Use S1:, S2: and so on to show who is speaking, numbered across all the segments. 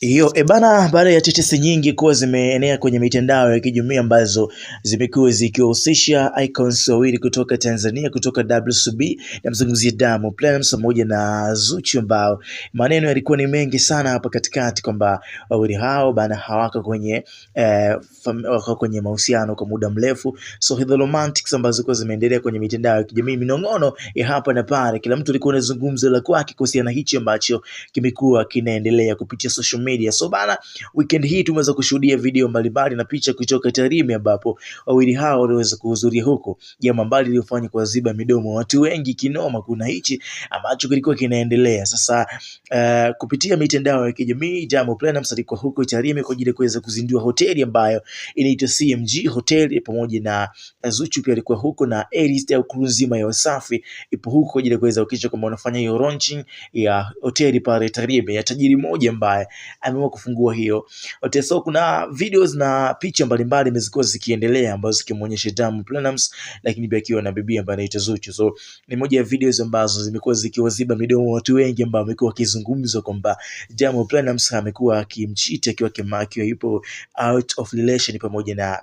S1: Hiyo e eh, bana, baada ya tetesi nyingi kuwa zimeenea kwenye mitandao ya kijamii ambazo zimekuwa zikiwahusisha icons wawili kutoka Tanzania, kutoka WCB, namzungumzia Diamond Platnumz pamoja na Zuchu, ambao maneno yalikuwa ni mengi sana hapa katikati kwamba wawili hao bana hawako kwenye eh, wako kwenye mahusiano kwa muda mrefu. So hizo romantics ambazo zilikuwa zimeendelea kwenye mitandao ya kijamii, minong'ono ya hapa na pale, kila mtu alikuwa anazungumza la kwake kuhusiana hichi ambacho kimekuwa kinaendelea kupitia social media. So bana, weekend hii tumeweza kushuhudia video mbalimbali na picha kutoka Tarime, ambapo wawili hao waliweza kuhudhuria huko, jambo ambalo lilifanya kuwaziba midomo watu wengi kinoma. Kuna hichi ambacho kilikuwa kinaendelea sasa. Uh, kupitia mitandao ya kijamii Diamond Platnumz alikuwa huko Tarime kwa ajili ya kuweza kuzindua hoteli ambayo inaitwa CMG Hotel, pamoja na Zuchu pia alikuwa huko na Airtel, crew nzima ya Wasafi ipo huko kwa ajili ya kuweza kuhakikisha kwamba wanafanya hiyo launching ya hoteli pale Tarime ya tajiri moja ambaye ambaye ameamua kufungua hiyo hotel. So kuna videos na picha mbalimbali zimekuwa zikiendelea ambazo zikimuonyesha Diamond Platnumz, lakini pia akiwa na bibi ambaye anaitwa Zuchu. So ni moja ya videos ambazo zimekuwa zikiwaziba midomo watu wengi ambao wamekuwa wakizungumzwa kwamba Diamond Platnumz amekuwa akimchiti akiwa akiwa yupo out of relation pamoja na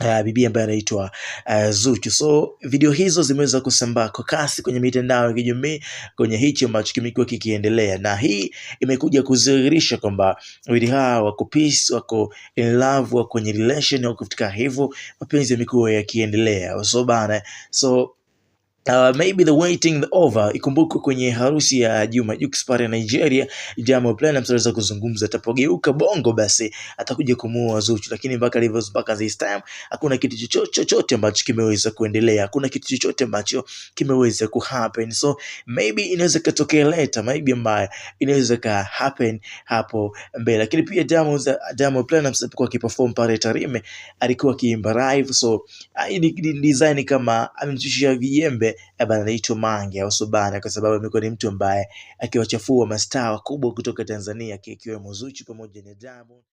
S1: Uh, bibi ambaye anaitwa uh, Zuchu. So video hizo zimeweza kusambaa kwa kasi kwenye mitandao ya kijamii kwenye hichi ambacho kimekuwa kikiendelea, na hii imekuja kudhihirisha kwamba wili hawa wako peace, wako in love, wako kwenye relation, au kufika hivyo mapenzi yamekuwa yakiendelea. So bana, so Uh, maybe the waiting the over. Ikumbukwe kwenye harusi ya Juma Jux pale Nigeria, Diamond Platnumz aliweza kuzungumza atapogeuka bongo basi atakuja kumuua Zuchu, lakini mpaka hivyo, mpaka this time hakuna kitu chochote cho cho cho ambacho kimeweza kuendelea, hakuna kitu chochote ambacho kimeweza ku happen. So maybe inaweza katokea later, maybe mbaya inaweza ka happen hapo mbele, lakini pia Diamond Diamond Platnumz alipokuwa akiperform pale Tarime alikuwa akiimba live, so design kama amemtishia vijembe yule eh, ambaye anaitwa Mange au Subana, kwa sababu amekuwa ni mtu ambaye akiwachafua mastaa wakubwa kutoka Tanzania akiwemo Zuchu pamoja na Diamond.